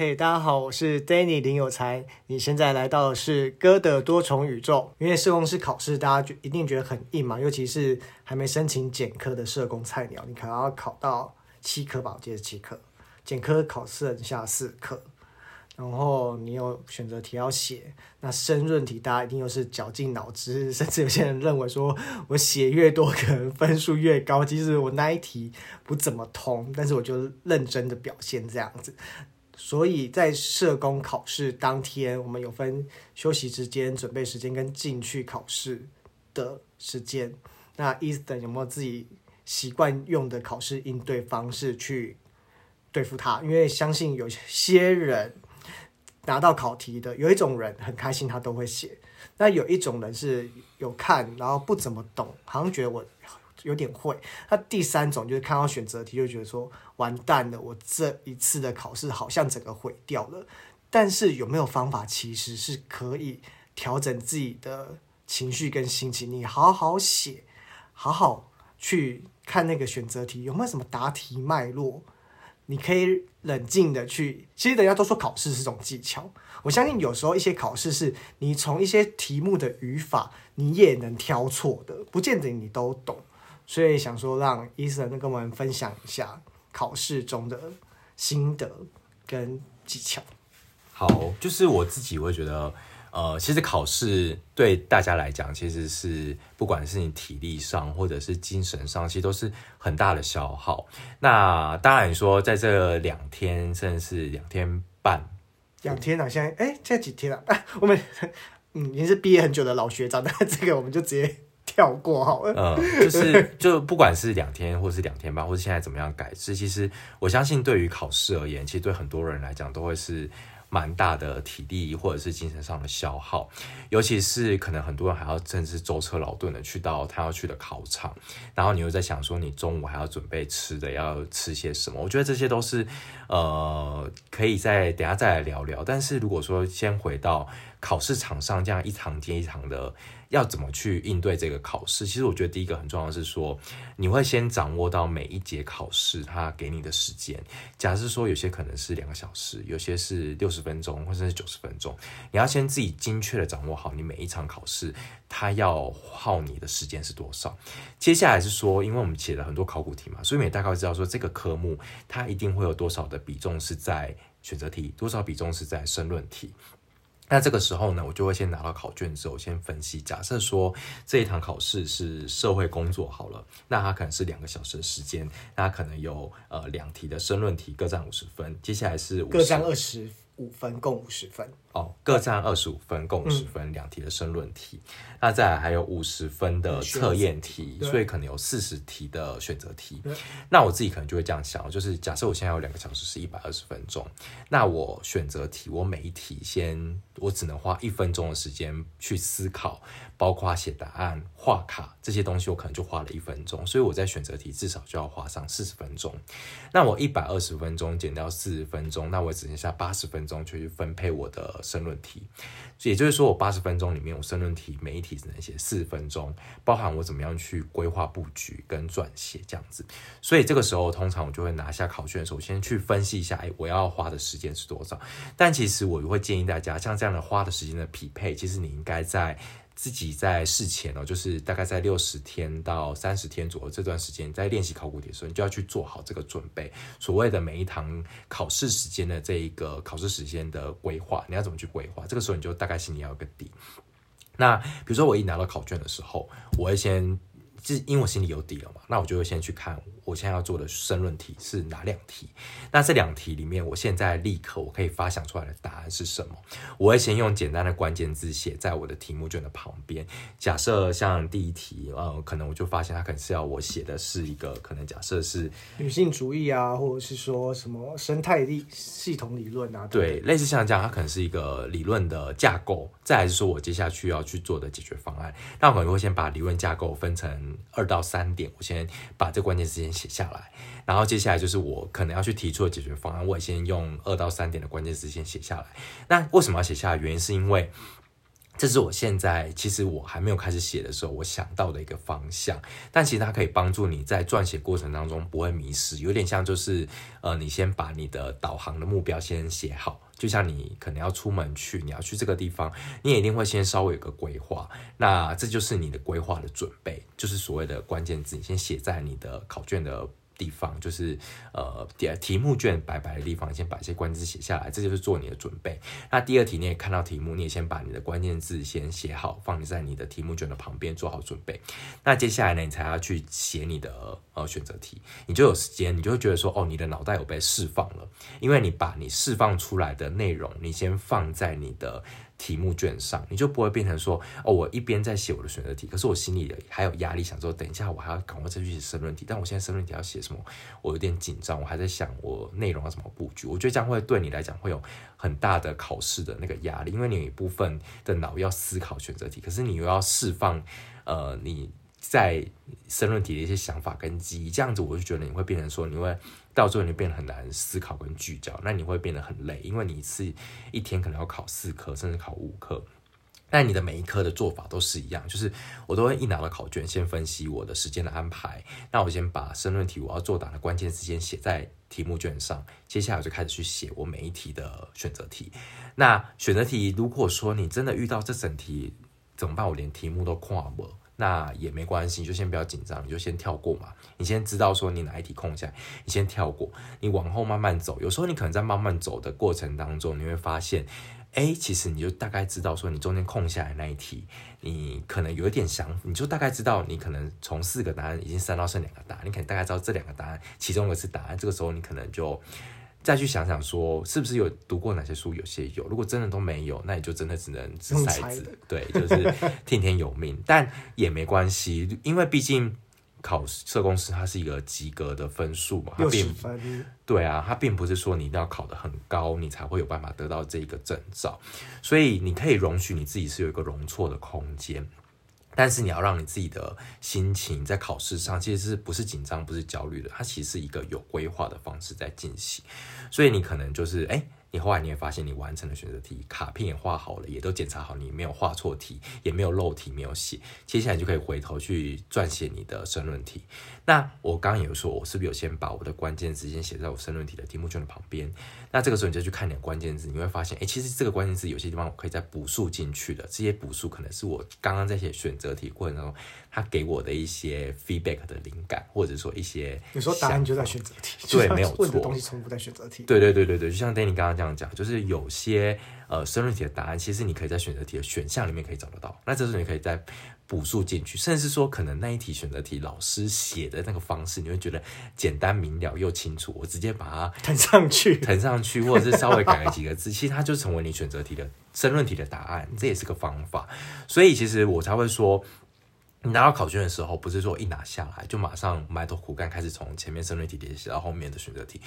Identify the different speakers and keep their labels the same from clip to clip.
Speaker 1: 嘿、hey，大家好，我是 Danny 林有才。你現在來到的是《哥的多重宇宙》。因為社工師考試，大家就一定覺得很硬嘛，尤其是還沒申請減科的社工菜鳥，你可能要考到七科吧？我記得七科，減科考剩下四科，然後你有選擇題要寫，那申論題大家一定又是絞盡腦汁，甚至有些人認為說我寫越多可能分數越高，其實我那一題不怎麼通，但是我就認真的表現這樣子。所以在社工考試當天，我們有分休息時間、準備時間跟進去考試的時間。那 Ethan 有沒有自己習慣用的考試應對方式去對付他？因為相信有些人拿到考題的，有一種人很開心，他都會寫；那有一種人是有看，然後不怎麼懂，好像覺得我。有點會。那第三種就是看到選擇題就覺得說完蛋了，我這一次的考試好像整個毀掉了。但是有沒有方法其實是可以調整自己的情緒跟心情？你好好寫，好好去看那個選擇題有沒有什麼答題脈絡，你可以冷靜的去。其實人家都說考試是種技巧，我相信有時候一些考試是你從一些題目的語法你也能挑錯的，不見得你都懂。所以想說讓 Ethan 跟我們分享一下考試中的心得跟技巧。
Speaker 2: 好，就是我自己會覺得，呃，其實考試對大家來講，其實是不管是你體力上或者是精神上，其實都是很大的消耗。那當然說在這兩天甚至是兩天半，
Speaker 1: 兩天啊，現在哎現在、欸、幾天啊，啊我們嗯，已經是畢業很久的老學長，那這個我們就直接。跳過好，嗯，呃，就是就不
Speaker 2: 管是兩天，或是兩天，或是兩天半，或者現在怎麼樣改，其實我相信對於考試而言，其實對很多人來講都會是蠻大的體力或者是精神上的消耗，尤其是可能很多人還要甚至舟車勞頓的去到他要去的考場，然後你又在想說你中午還要準備吃的，要吃些什麼？我覺得這些都是呃，可以再等下再來聊聊。但是如果說先回到。考試場上這樣一場接一場的，要怎麼去應對這個考試？其實我覺得第一個很重要的是說，你會先掌握到每一節考試它給你的時間。假設說有些可能是兩個小時，有些是六十分鐘或者是九十分鐘，你要先自己精確的掌握好你每一場考試它要耗你的時間是多少。接下來是說，因為我們寫了很多考古題嘛，所以你大概知道說這個科目它一定會有多少的比重是在選擇題，多少比重是在申論題。那這個時候呢，我就會先拿到考卷之後，先分析。假設說這一堂考試是社會工作好了，那它可能是兩個小時的時間，那它可能有呃兩題的申論題，各占五十分。接下來是五十分。各占二
Speaker 1: 十五分，共五十分。哦，
Speaker 2: 各佔二十五分，共五十分兩、嗯、題的申論題，那再來還有五十分的測驗題、嗯，所以可能有四十題的選擇題。那我自己可能就會這樣想，就是假設我現在有兩個小時，是一百二十分鐘。那我選擇題，我每一題先，我只能花一分鐘的時間去思考，包括寫答案、畫卡這些東西，我可能就花了一分鐘，所以我在選擇題至少就要花上四十分鐘。那我一百二十分鐘減掉四十分鐘，那我只剩下八十分鐘，去分配我的。申論題，也就是說，我八十分鐘裡面，我申論題每一題只能寫四十分鐘，包含我怎麼樣去規劃布局跟撰寫這樣子。所以這個時候，通常我就會拿下考卷，首先去分析一下，哎、欸，我要花的時間是多少。但其實我也會建議大家，像這樣的花的時間的匹配，其實你應該在。自己在事前哦，就是大概在六十天到三十天左右這段時間，在練習考古題的時候，你就要去做好這個準備。所謂的每一堂考試時間的這一個考試時間的規劃，你要怎麼去規劃？這個時候你就大概心裡要有個底。那比如說我一拿到考卷的時候，我會先。就因為我心裡有底了嘛，那我就會先去看我現在要做的申論題是哪兩題。那這兩題裡面，我現在立刻我可以發想出來的答案是什麼？我會先用簡單的關鍵字寫在我的題目卷的旁邊。假設像第一題，呃，可能我就發現它可能是要我寫的是一個可能假設是
Speaker 1: 女性主義啊，或者是說什麼生態力系統理論啊等等。對，
Speaker 2: 類似像這樣，它可能是一個理論的架構，再來是說我接下去要去做的解決方案。那我可能會先把理論架構分成二到三點，我先把這關鍵詞先寫下來，然後接下來就是我可能要去提出的解決方案，我也先用二到三點的關鍵詞先寫下來。那為什麼要寫下來？原因是因為這是我現在其實我還沒有開始寫的時候，我想到的一個方向。但其實它可以幫助你在撰寫過程當中不會迷失，有點像就是呃，你先把你的導航的目標先寫好。就像你可能要出門去，你要去這個地方，你也一定會先稍微有個規劃。那這就是你的規劃的準備，就是所謂的關鍵字，你先寫在你的考卷的。地方就是呃，點題目卷白白的地方，先把一些關鍵字寫下來，這就是做你的準備。那第二題你也看到題目，你也先把你的關鍵字先寫好，放在你的題目卷的旁邊，做好準備。那接下來呢，你才要去寫你的呃選擇題，你就有時間，你就會覺得說哦，你的腦袋有被釋放了，因為你把你釋放出來的內容，你先放在你的。題目卷上，你就不會變成說，哦，我一邊在寫我的選擇題，可是我心裡還有壓力，想說，等一下我還要趕快再去寫申論題，但我現在申論題要寫什麼，我有點緊張，我還在想我內容要怎麼佈局。我覺得這樣會對你來講會有很大的考試的那個壓力，因為你有一部分的腦要思考選擇題，可是你又要釋放，呃，你在申論題的一些想法跟記憶，這樣子我就覺得你會變成說你會。到最後，你變得很難思考跟聚焦，那你會變得很累，因為你是一,一天可能要考四科甚至考五科，那你的每一科的做法都是一樣，就是我都會一拿到考卷先分析我的時間的安排，那我先把申論題我要作答的關鍵時間寫在題目卷上，接下來我就開始去寫我每一題的選擇題。那選擇題如果說你真的遇到這整題怎麼辦？我連題目都看不。那也沒關係，就先不要緊張，你就先跳過嘛。你先知道說你哪一題空下來，你先跳過，你往後慢慢走。有時候你可能在慢慢走的過程當中，你會發現，哎、欸，其實你就大概知道說你中間空下來的那一題，你可能有一點想，你就大概知道你可能從四個答案已經刪到剩兩個答案，你可能大概知道這兩個答案其中一個是答案，這個時候你可能就。再去想想，說是不是有讀過哪些書？有些有，如果真的都沒有，那你就真的只能擲骰子，對，就是聽天由命。 但也沒關係，因為畢竟考社工師它是一個及格的分數嘛，六十分。它併，對啊，它並不是說你一定要考得很高，你才會有辦法得到這個證照，所以你可以容許你自己是有一個容錯的空間。但是你要讓你自己的心情在考試上，其實是不是緊張，不是焦慮的，它其實是一個有規劃的方式在進行，所以你可能就是誒。欸你後來你也發現，你完成了選擇題卡片也畫好了，也都檢查好，你沒有畫錯題，也沒有漏題，沒有寫。接下來你就可以回頭去撰寫你的申論題。那我剛剛有說，我是不是有先把我的關鍵詞先寫在我申論題的題目卷的旁邊？那這個時候你就去看你的關鍵字，你會發現，哎、欸，其實這個關鍵字有些地方我可以再補述進去的。這些補述可能是我剛剛在寫選擇題過程當中，他給我的一些 feedback 的靈感，或者說一些你說答案就在選
Speaker 1: 擇題，對，沒有錯。問的東西重複在選擇題，對對
Speaker 2: 對對對，就像 Danny 剛剛講。這樣講，就是有些呃，申論題的答案，其實你可以在選擇題的選項裡面可以找得到。那這時候你可以再補述進去，甚至是說，可能那一題選擇題老師寫的那個方式，你會覺得簡單明了又清楚，我直接把它謄上去，謄上去，或者是稍微改了幾個字， 其實它就成為你選擇題的申論題的答案，這也是個方法。所以，其實我才會說。你拿到考卷的時候，不是說一拿下來就馬上埋頭苦幹，開始從前面申論題練習到後面的選擇題。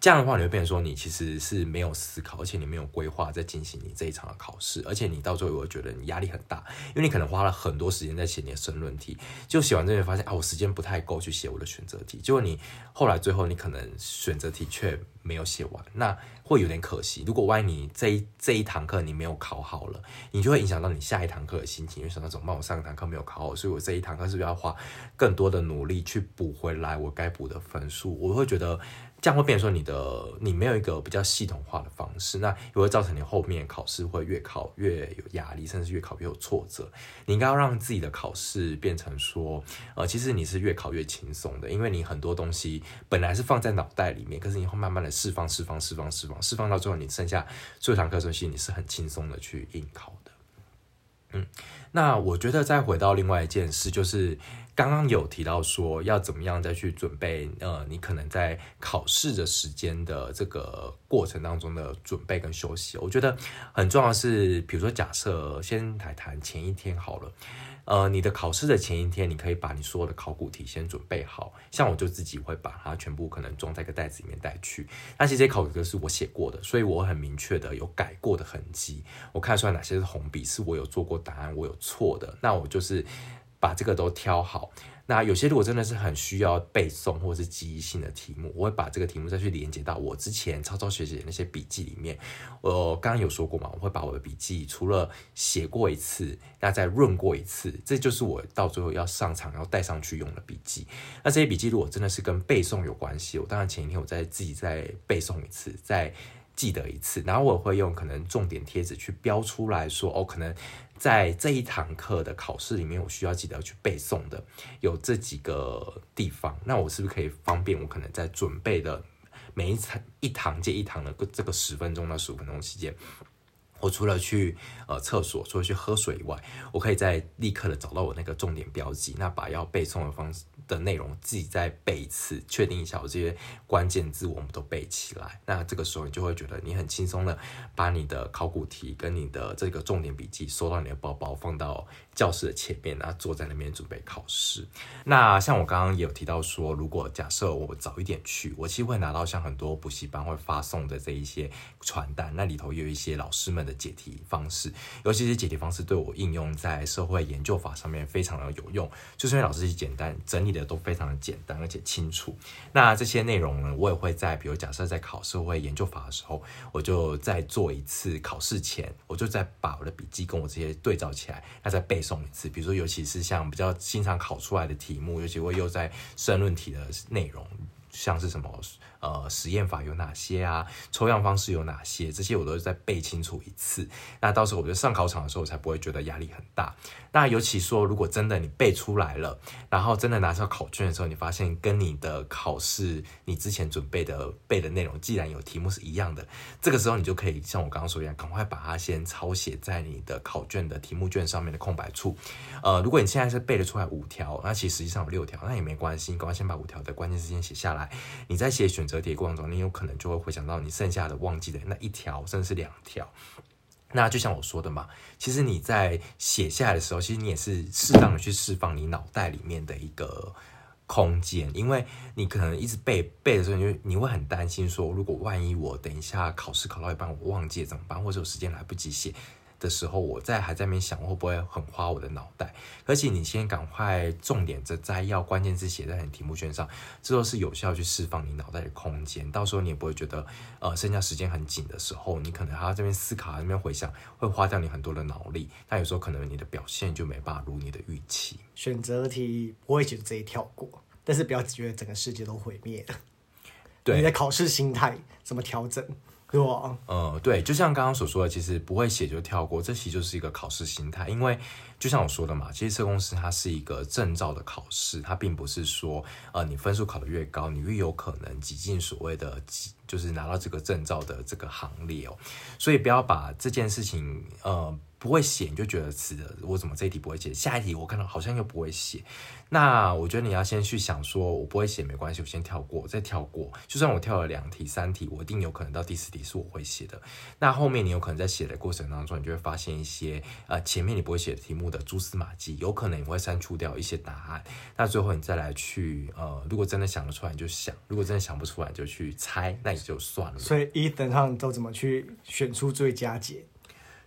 Speaker 2: 這樣的話，你會變成說你其實是沒有思考，而且你沒有規劃在進行你這一場的考試，而且你到最後會覺得你壓力很大，因為你可能花了很多時間在前面申論題，就寫完之後發現啊，我時間不太夠去寫我的選擇題。結果你後來最後你可能選擇題卻沒有寫完，那。會有點可惜。如果萬一你這一這一堂課你沒有考好了，你就會影響到你下一堂課的心情，因為想到怎麼辦？我上一堂課沒有考好，所以我這一堂課是不是要花更多的努力去補回來我該補的分數。我會覺得。這樣會變成說你的你沒有一個比較系統化的方式，那也會造成你後面考試會越考越有壓力，甚至越考越有挫折。你應該要讓自己的考試變成說，呃，其實你是越考越輕鬆的，因為你很多東西本來是放在腦袋裡面，可是你會慢慢的釋放、釋放、釋放、釋放、釋放到最後，你剩下最後一堂課程時，你是很輕鬆的去應考的。嗯，那我覺得再回到另外一件事就是。剛剛有提到說要怎麼樣再去準備，呃，你可能在考試的時間的這個過程當中的準備跟休息，我覺得很重要的是，比如說假設先談談前一天好了，呃，你的考試的前一天，你可以把你所有的考古題先準備好，好像我就自己會把它全部可能裝在一個袋子裡面帶去。那其實考古題是我寫過的，所以我很明確的有改過的痕跡，我看出來哪些是紅筆，是我有做過答案，我有錯的，那我就是。把這個都挑好，那有些如果真的是很需要背誦或者是記憶性的題目，我會把這個題目再去連接到我之前抄抄寫寫的那些筆記裡面。我剛剛有說過嘛，我會把我的筆記除了寫過一次，那再潤過一次，這就是我到最後要上場要帶上去用的筆記。那這些筆記如果真的是跟背誦有關係，我當然前一天我再自己再背誦一次，再。記得一次，然後我會用可能重點貼紙去標出來說，哦，可能在這一堂課的考試裡面，我需要記得去背誦的有這幾個地方。那我是不是可以方便我可能在準備的每一場一堂接一堂的這個十分鐘到十五分鐘時間，我除了去呃廁所，除了去喝水以外，我可以再立刻的找到我那個重點標記，那把要背誦的方式。的內容自己再背一次，確定一下我這些關鍵字，我們都背起來。那這個時候你就會覺得你很輕鬆的把你的考古題跟你的這個重點筆記收到你的包包，放到教室的前面，然後坐在那邊準備考試。那像我剛剛也有提到說，如果假設我早一點去，我其實會拿到像很多補習班會發送的這一些傳單，那裡頭有一些老師們的解題方式，尤其是解題方式對我應用在社會研究法上面非常的有用。就是因為老師是簡單整理。也都非常的簡單而且清楚。那這些內容呢，我也會在，比如假設在考社會研究法的時候，我就再做一次考試前，我就再把我的筆記跟我這些對照起來，那再背誦一次。比如說，尤其是像比較經常考出來的題目，尤其我又在申論題的內容，像是什麼。呃，實驗法有哪些啊？抽樣方式有哪些？這些我都是在背清楚一次。那到時候我覺得上考場的時候，我才不會覺得壓力很大。那尤其說，如果真的你背出來了，然後真的拿上考卷的時候，你發現跟你的考試，你之前準備的背的內容，既然有題目是一樣的，這個時候你就可以像我剛剛說一樣，趕快把它先抄寫在你的考卷的題目卷上面的空白處。呃，如果你現在是背得出來五條，那其實實際上有六條，那也沒關係，你趕快先把五條的關鍵字先寫下來，你再寫選擇。折疊過程中，你有可能就會回想到你剩下的忘記的那一條，甚至是兩條。那就像我說的嘛，其實你在寫下來的時候，其實你也是適當的去釋放你腦袋裡面的一個空間，因為你可能一直背背的時候，你就你會很擔心說，如果萬一我等一下考試考到一半，我忘記了怎麼辦？或者有時間來不及寫。的時候，我在還在那邊想會不會很花我的腦袋，而且你先趕快重點着摘要關鍵字寫在你題目卷上，這都是有效去釋放你腦袋的空間。到時候你也不會覺得，呃，剩下時間很緊的時候，你可能他這邊思考那邊回想，會花掉你很多的腦力。那有時候可能你的表現就沒辦法如
Speaker 1: 你的預期。選擇題不會這一跳過，但是不要覺得整個世界都毀滅了。對，你的考試心態怎麼調整？對、
Speaker 2: 嗯、對，就像剛剛所說的，其實不會寫就跳過，這其實就是一個考試心態。因為就像我說的嘛，其實社工師它是一個證照的考試，它並不是說呃，你分數考得越高，你越有可能擠進所謂的擠，就是拿到這個證照的這個行列哦。所以不要把這件事情呃。不會寫你就覺得遲了，我怎麼這一題不會寫？下一題我看到好像又不會寫，那我覺得你要先去想說，說我不會寫沒關係，我先跳過，再跳過。就算我跳了兩題、三題，我一定有可能到第四題是我會寫的。那後面你有可能在寫的過程當中，你就會發現一些呃前面你不會寫的題目的蛛絲馬跡，有可能你會刪除掉一些答案。那最後你再來去呃，如果真的想得出來你就想，如果真的想不出來就去猜，那也就算了。
Speaker 1: 所以一等上都怎麼去選出最佳解？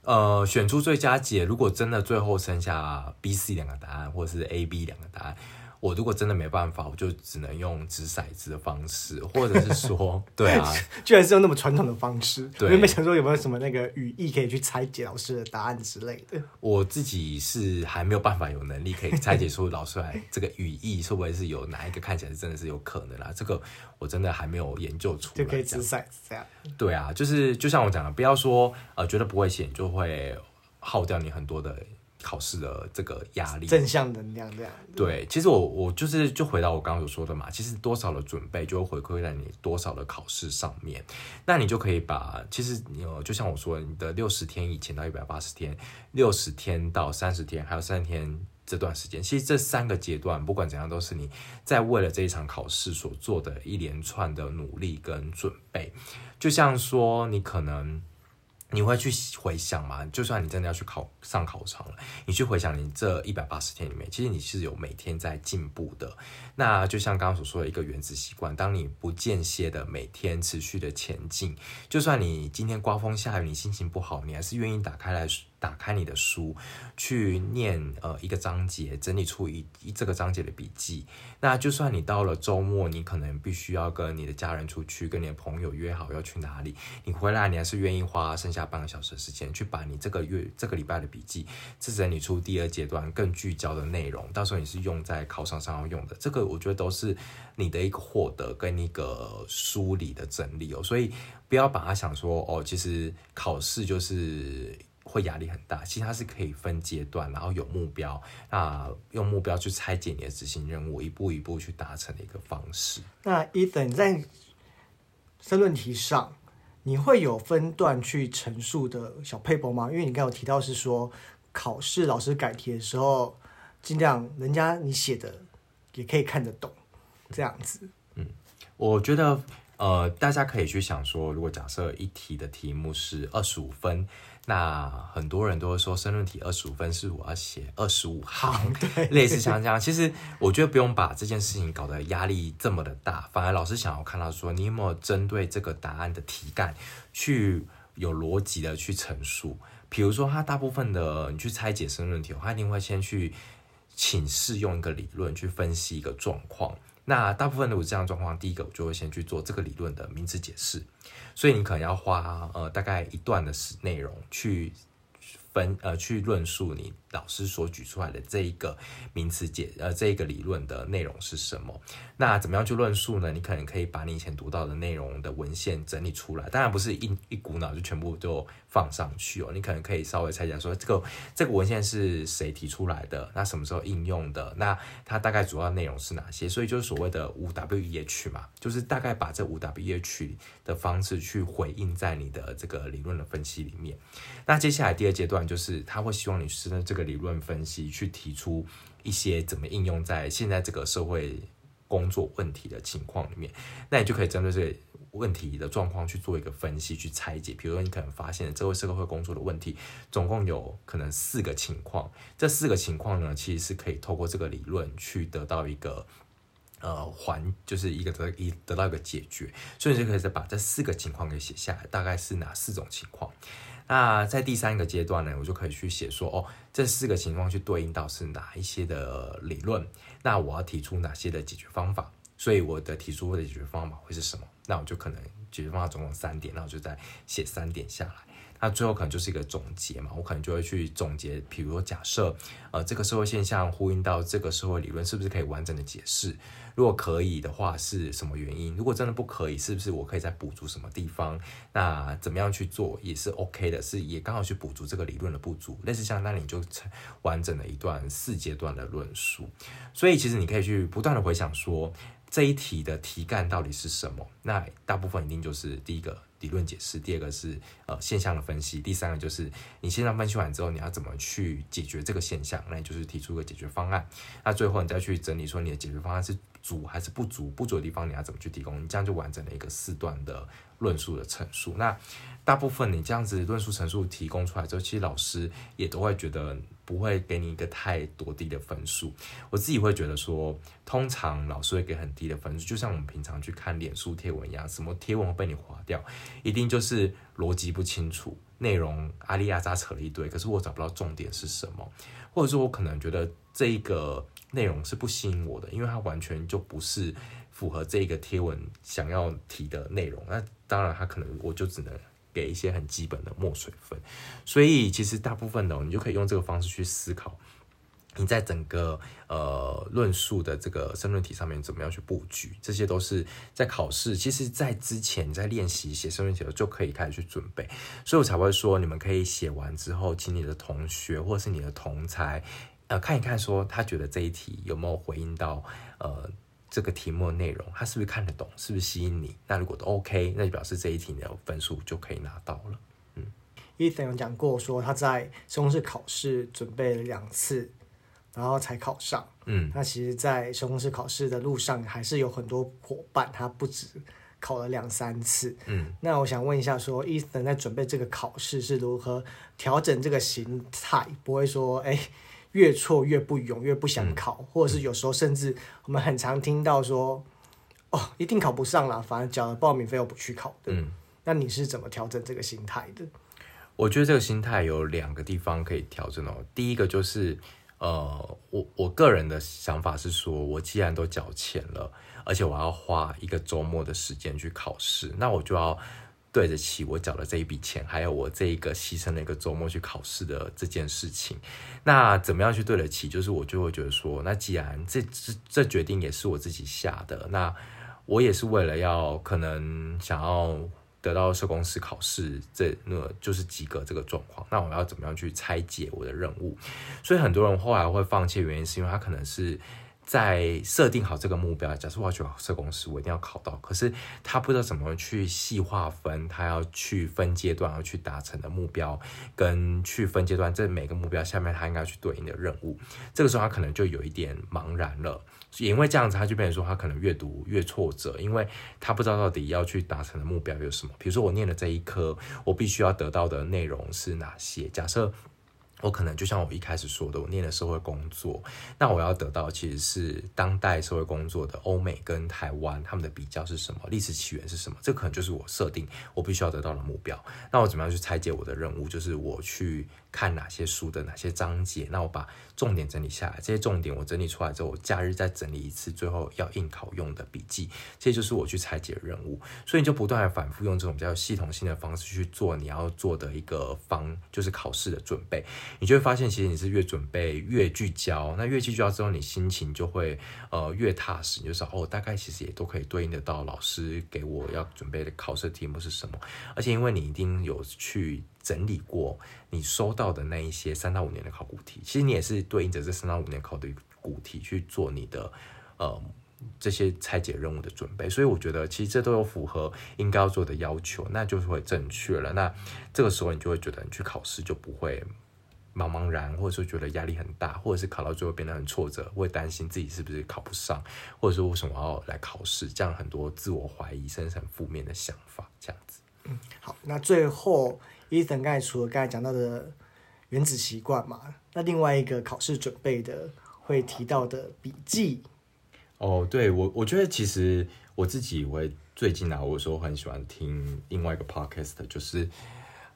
Speaker 2: 呃，選出最佳解。如果真的最後剩下 B、C 兩個答案，或者是 A、B 兩個答案。我如果真的沒辦法，我就只能用擲骰子
Speaker 1: 的方式，
Speaker 2: 或者是說，對啊，
Speaker 1: 居然是用那麼傳統的方式。對，我也沒想說有沒有什麼那個語義可以去拆解老師的答案之類的？
Speaker 2: 我自己是還沒有辦法有能力可以拆解出老師來 這個語義，會不會是有哪一個看起來真的是有可能啦、啊？這個我真的還沒有研究出來。就可以
Speaker 1: 擲骰子。
Speaker 2: 對啊，就是就像我講的，不要說呃覺得不會寫，就會耗掉你很多的。考試的這個壓力，正
Speaker 1: 向能量這樣。
Speaker 2: 對，其實我我就是就回到我剛剛所說的嘛，其實多少的準備就會回饋在你多少的考試上面，那你就可以把其實你、呃、就像我說，你的六十天以前到一百八十天，六十天到三十天還有三十天這段時間，其實這三個階段不管怎樣都是你在為了這一場考試所做的一連串的努力跟準備，就像說你可能。你會去回想嗎？就算你真的要去考上考場了，你去回想你這一百八十天裡面，其實你是有每天在進步的。那就像剛剛所說的一個原子習慣，當你不間歇的每天持續的前進，就算你今天刮風下雨，你心情不好，你還是願意打開來。打開你的書，去念呃一個章節，整理出一這個章節的筆記。那就算你到了周末，你可能必須要跟你的家人出去，跟你的朋友約好要去哪裡。你回來，你還是願意花剩下半個小時的時間，去把你這個月這個禮拜的筆記，整理出第二階段更聚焦的內容。到時候你是用在考場上，上要用的，這個我覺得都是你的一個獲得跟一個梳理的整理哦。所以不要把它想說哦，其實考試就是。會壓力很大，其實它是可以分階段，然後有目標啊，那用目標去拆解你的執行任務，一步一步去達成的一個方式。
Speaker 1: 那 Ethan，在申論題上，你會有分段去陳述的小 paper 嗎？因為你剛剛有提到是說，考試老師改題的時候，盡量人家你寫的也可以看得懂，這樣子。
Speaker 2: 嗯，嗯我覺得。呃，大家可以去想說，如果假設一題的題目是二十五分，那很多人都會說，申論題二十五分是我要寫二十五行，類似像這樣。其實我覺得不用把這件事情搞得壓力這麼的大，反而老師想要看到說，你有沒有針對這個答案的題幹去有邏輯的去陳述。比如說，他大部分的你去拆解申論題的話，他一定會先去請示用一個理論去分析一個狀況。那大部分的我這樣的狀況，第一個我就會先去做這個理論的名詞解釋，所以你可能要花呃大概一段的時內容去分呃去論述你。老師所舉出來的這一個名詞解呃，這一個理論的內容是什麼？那怎麼樣去論述呢？你可能可以把你以前讀到的內容的文獻整理出來，當然不是一一股腦就全部都放上去哦。你可能可以稍微猜想說，這個這個文獻是誰提出來的？那什麼時候應用的？那它大概主要內容是哪些？所以就是所謂的五 W E H 嘛，就是大概把這五 W E H 的方式去回應在你的這個理論的分析裡面。那接下來第二階段就是他會希望你是在這個。理論分析去提出一些怎麼應用在現在這個社會工作問題的情況裡面，那你就可以針對這個問題的狀況去做一個分析，去拆解。比如說，你可能發現這位社，社會工作的問題，總共有可能四個情況。這四個情況呢，其實是可以透過這個理論去得到一個呃環，就是一個得一得到一個解決。所以你就可以再把這四個情況給寫下來，大概是哪四種情況？那在第三個階段呢，我就可以去寫說，哦，這四個情況去對應到是哪一些的理論，那我要提出哪些的解決方法，所以我的提出或者解決方法會是什麼？那我就可能解決方法總共三點，那我就再寫三點下來。那最後可能就是一個總結嘛，我可能就會去總結，譬如說假設，呃，這個社會現象呼應到這個社會理論是不是可以完整的解釋？如果可以的話，是什麼原因？如果真的不可以，是不是我可以再補足什麼地方？那怎麼樣去做也是 OK 的，是也剛好去補足這個理論的不足。類似像那你就完整的一段四階段的論述，所以其實你可以去不斷的回想說。這一題的題幹到底是什麼？那大部分一定就是第一個理論解釋，第二個是呃現象的分析，第三個就是你現象分析完之後，你要怎麼去解決這個現象？那你就是提出一個解決方案。那最後你再去整理說，你的解決方案是足還是不足，不足的地方你要怎麼去提供？你這樣就完整了一個四段的論述的陳述。那大部分你這樣子論述陳述提供出來之後，其實老師也都會覺得。不會給你一個太多低的分數，我自己會覺得說，通常老師會給很低的分數，就像我們平常去看臉書貼文一樣，什麼貼文被你滑掉，一定就是邏輯不清楚，內容阿哩阿雜扯了一堆，可是我找不到重點是什麼，或者說我可能覺得這個內容是不吸引我的，因為它完全就不是符合這個貼文想要提的內容，那當然它可能我就只能。給一些很基本的墨水分，所以其實大部分的、哦，你就可以用這個方式去思考，你在整個呃論述的這個申論題上面怎麼樣去布局，這些都是在考試。其實，在之前在練習寫申論題的時候就可以開始去準備，所以我才會說，你們可以寫完之後，請你的同學或是你的同儕呃看一看，說他覺得這一題有沒有回應到呃。這個題目的內容，他是不是看得懂？是不是吸引你？那如果都 OK，那就表示這一題你的分數就可以拿到
Speaker 1: 了。嗯，Ethan 有講過說他在社工師考試準備了兩次，然後才考上。嗯，那其實，在社工師考試的路上，還是有很多伙伴。他不止考了兩三次。嗯，那我想問一下說，說 Ethan 在準備這個考試是如何調整這個心態？不會說，哎、欸。越挫越不勇，越不想考、嗯，或者是有時候甚至我們很常聽到說，嗯、哦，一定考不上啦，反正繳了報名費我不去考的。嗯，那你是怎麼調整這個心態的？
Speaker 2: 我覺得這個心態有兩個地方可以調整哦。第一個就是，呃，我我個人的想法是說，我既然都繳錢了，而且我要花一個周末的時間去考試，那我就要。對得起我繳的這一筆錢，還有我這一個犧牲了一個周末去考試的這件事情，那怎麼樣去對得起？就是我就會覺得說，那既然這這這決定也是我自己下的，那我也是為了要可能想要得到社工師考試這那就是及格這個狀況，那我要怎麼樣去拆解我的任務？所以很多人後來會放棄，原因是因為他可能是。在設定好這個目標，假設我要去考社工師，我一定要考到。可是他不知道怎麼去細劃分，他要去分階段要去達成的目標，跟去分階段這每個目標下面他應該要去對應的任務。這個時候他可能就有一點茫然了，也因為這樣子他就變成說他可能越讀越挫折，因為他不知道到底要去達成的目標有什麼。比如說我念了這一科，我必須要得到的內容是哪些？假設。我可能就像我一開始說的，我念了社會工作，那我要得到其實是當代社會工作的歐美跟台灣他們的比較是什麼，歷史起源是什麼，這個可能就是我設定我必須要得到的目標。那我怎麼樣去拆解我的任務，就是我去。看哪些書的哪些章節，那我把重點整理下來。這些重點我整理出來之後，我假日再整理一次，最後要應考用的筆記，這就是我去拆解任務。所以你就不斷反覆用這種比較系統性的方式去做你要做的一個方，就是考試的準備。你就會發現，其實你是越準備越聚焦。那越聚焦之後，你心情就會呃越踏實，你就說哦，大概其實也都可以對應得到老師給我要準備的考試題目是什麼。而且因為你一定有去。整理過你收到的那一些三到五年的考古題，其實你也是對應着這三到五年考的古題去做你的呃這些拆解任務的準備，所以我覺得其實這都有符合應該要做的要求，那就是會正確了，那這個時候你就會覺得你去考試就不會茫茫然，或者說覺得壓力很大，或者是考到最後變得很挫折，會擔心自己是不是考不上，或者說為什麼要來考試，這樣很多自我懷疑，甚至很負面的想法，這樣子。
Speaker 1: 嗯，好，那最後，伊森蓋，除了剛才講到的原子習慣嘛，那另外一個考試準備的會提到的筆
Speaker 2: 記，哦，對，我我覺得其實我自己我最近啊，我說我很喜歡聽另外一個 Podcast 的，就是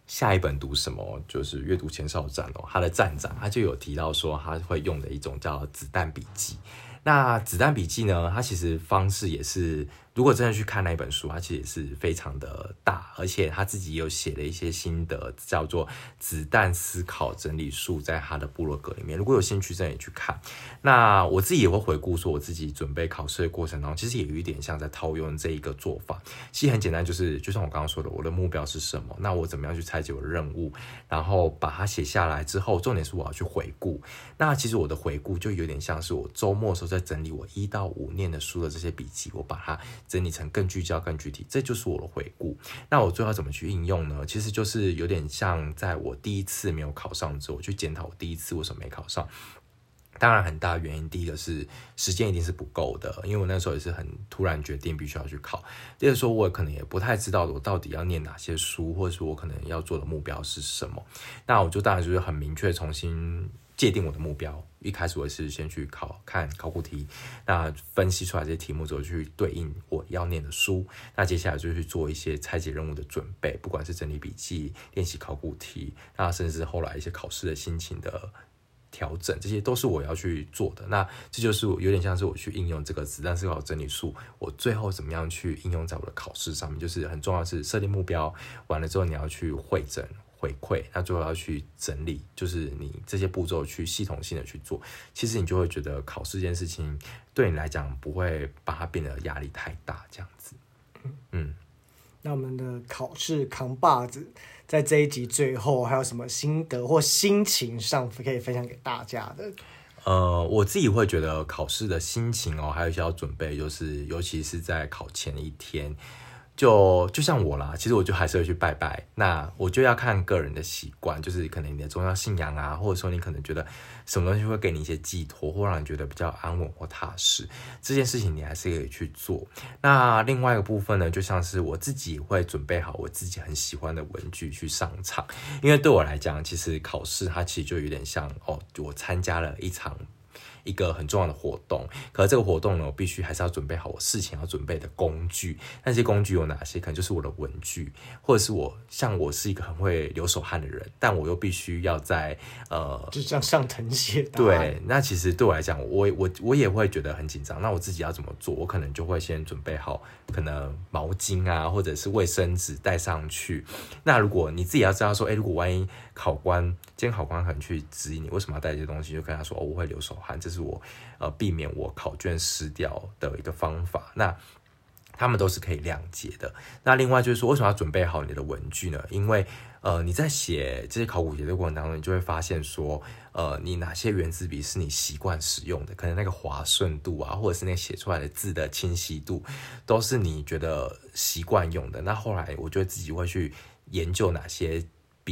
Speaker 2: 下一本讀什麼，就是閱讀前哨站哦，他的站長他就有提到說他會用的一種叫子彈筆記，那子彈筆記呢，它其實方式也是。如果真的去看那一本書，它其實也是非常的大，而且他自己也有寫了一些心得，叫做《子彈思考整理術》。在他的部落格裡面，如果有興趣，真的也去看。那我自己也會回顧，說我自己準備考試的過程當中，然後，其實也有一點像在套用這一個做法。其實很簡單，就是就像我剛剛說的，我的目標是什麼？那我怎麼樣去拆解我的任務？然後把它寫下來之後，重點是我要去回顧。那其實我的回顧就有點像是我週末的時候在整理我一到五念的書的這些筆記，我把它。整理成更聚焦、更具體，這就是我的回顧。那我最後怎麼去應用呢？其實就是有點像在我第一次沒有考上之後，我去檢討我第一次為什麼沒考上。當然，很大原因第一個是時間一定是不夠的，因為我那時候也是很突然決定必須要去考。第二個說，我可能也不太知道我到底要念哪些書，或者說我可能要做的目標是什麼。那我就當然就是很明確重新。界定我的目標，一開始我是先去考看考古題，那分析出來這些題目之後，去對應我要念的書，那接下來就去做一些拆解任務的準備，不管是整理筆記、練習考古題，那甚至後來一些考試的心情的調整，這些都是我要去做的。那這就是有點像是我去應用這個“子彈思考整理術”，我最後怎麼樣去應用在我的考試上面，就是很重要的是設定目標，完了之後你要去會診。回饋，那最後要去整理，就是你這些步驟去系統性的去做，其實你就會覺得考試這件事情對你來講不會把它變得壓力太大這樣子。
Speaker 1: 嗯，那我們的考試扛把子在這一集最後還有什麼心得或心情上可以分享給大家的？
Speaker 2: 呃，我自己會覺得考試的心情哦，還有一些要準備，就是尤其是在考前一天。就就像我啦，其實我就還是會去拜拜。那我就要看個人的習慣，就是可能你的宗教信仰啊，或者說你可能覺得什麼東西會給你一些寄托，或讓你覺得比較安穩或踏實，這件事情你還是可以去做。那另外一個部分呢，就像是我自己會準備好我自己很喜歡的文具去上場，因為對我來講，其實考試它其實就有點像哦，我參加了一場。一個很重要的活動，可是這個活動呢，我必須還是要準備好我事前要準備的工具。那些工具有哪些？可能就是我的文具，或者是我像我是一個很會流手汗的人，但我又必須要在呃，就是這樣上藤寫對。那其實對我來講，我我我也會覺得很緊張。那我自己要怎麼做？我可能就會先準備好可能毛巾啊，或者是衛生紙帶上去。那如果你自己要知道說，哎、欸，如果萬一。考官，監考官可能去質疑你為什麼要帶這些東西，就跟他說：“哦、我會流手汗，這是我呃避免我考卷濕掉的一個方法。那”那他們都是可以諒解的。那另外就是說，為什麼要準備好你的文具呢？因為呃你在寫這些考古題的過程當中，你就會發現說，呃你哪些原子筆是你習慣使用的，可能那個滑順度啊，或者是那寫出來的字的清晰度，都是你覺得習慣用的。那後來我就自己會去研究哪些。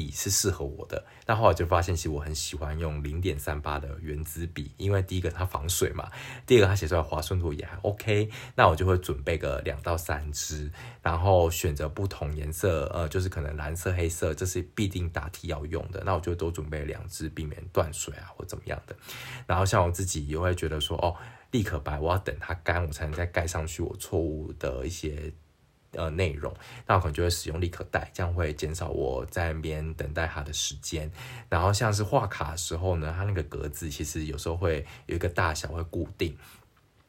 Speaker 2: 筆是適合我的，那後來就發現其實我很喜歡用零點三八的原子筆，因為第一個它防水嘛，第二個它寫出來滑順度也還 OK。那我就會準備個兩到三支，然後選擇不同顏色，呃，就是可能藍色、黑色，這是必定答題要用的。那我就都準備兩支，避免斷水啊或怎麼樣的。然後像我自己也會覺得說，哦，立可白我要等它乾，我才能再蓋上去我錯誤的一些。呃，內容，那我可能就會使用立可帶，這樣會減少我在那邊等待它的時間。然後像是畫卡的時候呢，它那個格子其實有時候會有一個大小會固定。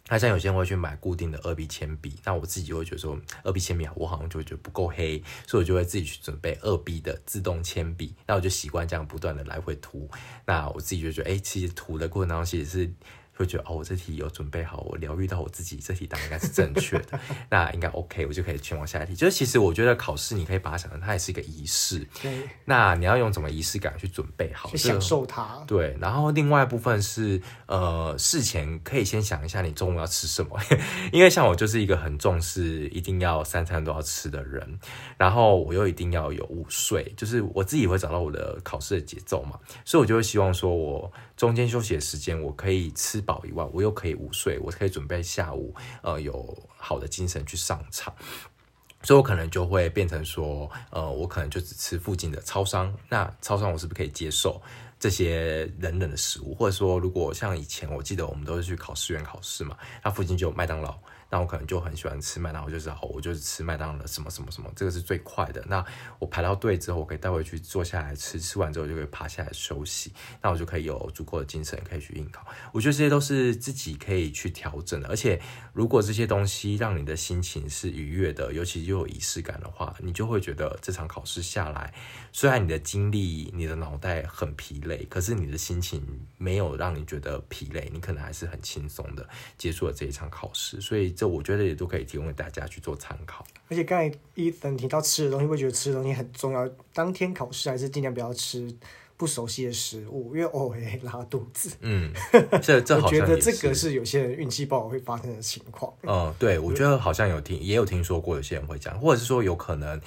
Speaker 2: 那、啊、像有些人會去買固定的二 B 鉛筆，那我自己就會覺得說二 B 鉛筆啊，好我好像就會覺得不夠黑，所以我就會自己去準備二 B 的自動鉛筆。那我就習慣這樣不斷的來回塗，那我自己就覺得，哎、欸，其實塗的過程當中其實是。會覺得哦，我這題有準備好，我療癒到我自己，這題答案應該是正確的， 那應該 OK，我就可以前往下一題。就是其實我覺得考試，你可以把它想成它也是一個儀式，對。那你要用什麼儀式感去準備好，去享受它？對。然後另外一部分是，呃，事前可以先想一下你中午要吃什麼， 因為像我就是一個很重視一定要三餐都要吃的人，然後我又一定要有午睡，就是我自己會找到我的考試的節奏嘛，所以我就會希望說我。中間休息的時間，我可以吃飽以外，我又可以午睡，我可以準備下午呃有好的精神去上場，所以我可能就會變成說，呃，我可能就只吃附近的超商，那超商我是不是可以接受這些冷冷的食物？或者說，如果像以前，我記得我們都是去考試院考試嘛，那附近就有麥當勞。那我可能就很喜歡吃麥當勞，就是好，我就是吃麥當勞什麼什麼什麼，這個是最快的。那我排到隊之後，我可以帶回去坐下來吃，吃完之後就可以趴下來休息，那我就可以有足夠的精神可以去應考。我覺得這些都是自己可以去調整的，而且如果這些東西讓你的心情是愉悅的，尤其又有儀式感的話，你就會覺得這場考試下來，雖然你的精力、你的腦袋很疲累，可是你的心情沒有讓你覺得疲累，你可能還是很輕鬆的結束了這一場考試，所以。這我覺得也都可以提供給大家去做參
Speaker 1: 考。而且剛才 Ethan 提到吃的東西，會覺得吃的東西很重要。當天考試還是儘量不要吃不熟悉的食物，因為偶、哦、拉肚子。嗯，這這好像 覺得這個是有些人運氣不好會發生的情況。嗯，
Speaker 2: 對，我覺得好像有聽也有聽說過有些人會講，或者是說有可能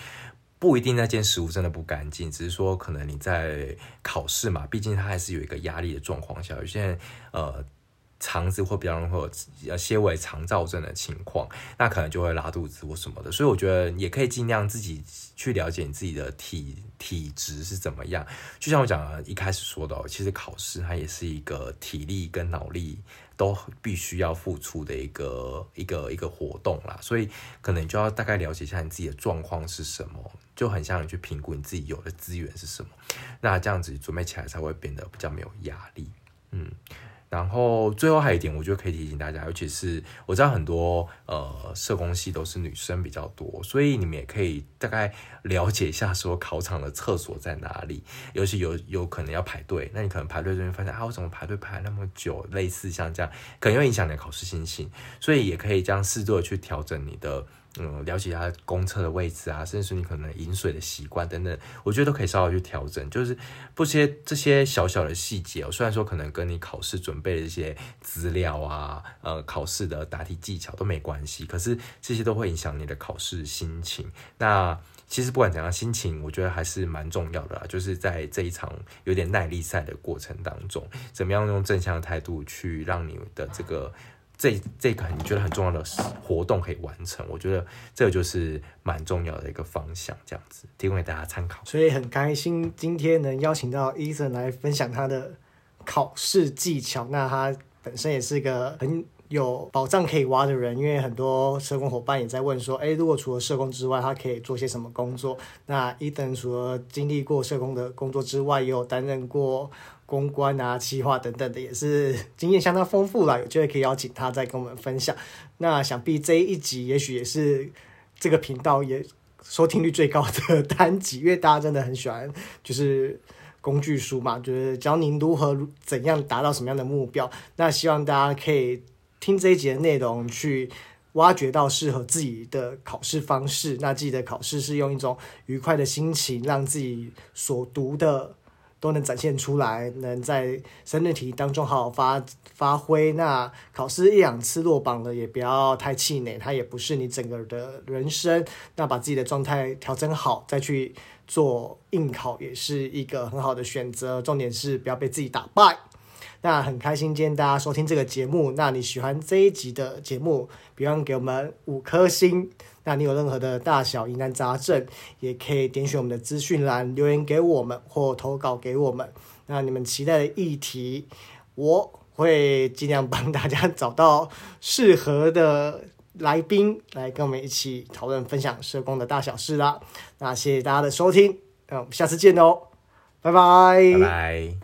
Speaker 2: 不一定那件食物真的不乾淨，只是說可能你在考試嘛，畢竟它還是有一個壓力的狀況下，有些人呃。腸子或比較容易會有呃纖維腸躁症的情況，那可能就會拉肚子或什麼的。所以我覺得也可以儘量自己去了解你自己的體體質是怎麼樣。就像我講的一開始說的，其實考試它也是一個體力跟腦力都必須要付出的一個一個一個活動啦。所以可能你就要大概了解一下你自己的狀況是什麼，就很像你去評估你自己有的資源是什麼。那這樣子準備起來才會變得比較沒有壓力。嗯。然後最後還有一點，我覺得可以提醒大家，尤其是我知道很多呃社工系都是女生比較多，所以你們也可以大概了解一下，說考場的廁所在哪裡，尤其有有可能要排隊，那你可能排隊就會發現啊，我怎麼排隊排那麼久，類似像這樣可能會影響你的考試心情，所以也可以這樣適度的去調整你的。嗯，了解一下公廁的位置啊，甚至是你可能飲水的習慣等等，我覺得都可以稍微去調整。就是不些這些小小的細節，喔，雖然說可能跟你考試準備的一些資料啊，呃，考試的答題技巧都沒關係，可是這些都會影響你的考試心情。那其實不管怎樣，心情我覺得還是蠻重要的啦。就是在這一場有點耐力賽的過程當中，怎麼樣用正向的態度去讓你的這個。這這個你覺得很重要的活動可以完成，我覺得這就是蠻重要的一個方向，這樣子提供給大家參考。
Speaker 1: 所以很開心今天能邀請到 Ethan 來分享他的考試技巧。那他本身也是一個很有寶藏可以挖的人，因為很多社工夥伴也在問說，哎，如果除了社工之外，他可以做些什麼工作？那 Ethan 除了經歷過社工的工作之外，也有擔任過。公關啊，企劃等等的，也是經驗相當豐富了，有機會可以邀請他再跟我們分享。那想必這一集也許也是這個頻道也收聽率最高的單集，因為大家真的很喜歡，就是工具書嘛，就是教您如何怎樣達到什麼樣的目標。那希望大家可以聽這一集的內容，去挖掘到適合自己的考試方式。那自己的考試是用一種愉快的心情，讓自己所讀的。都能展現出來，能在申論題當中好好發發揮。那考試一兩次落榜了，也不要太氣餒，它也不是你整個的人生。那把自己的狀態調整好，再去做應考，也是一個很好的選擇。重點是不要被自己打敗。那很開心，今天大家收聽這個節目。那你喜歡這一集的節目，別忘給我們五顆星。那你有任何的大小疑難雜症，也可以點選我們的資訊欄留言給我們或投稿給我們。那你們期待的議題，我會盡量幫大家找到適合的來賓來跟我們一起討論分享社工的大小事啦。那謝謝大家的收聽，那我們下次見哦，拜拜。拜
Speaker 2: 拜。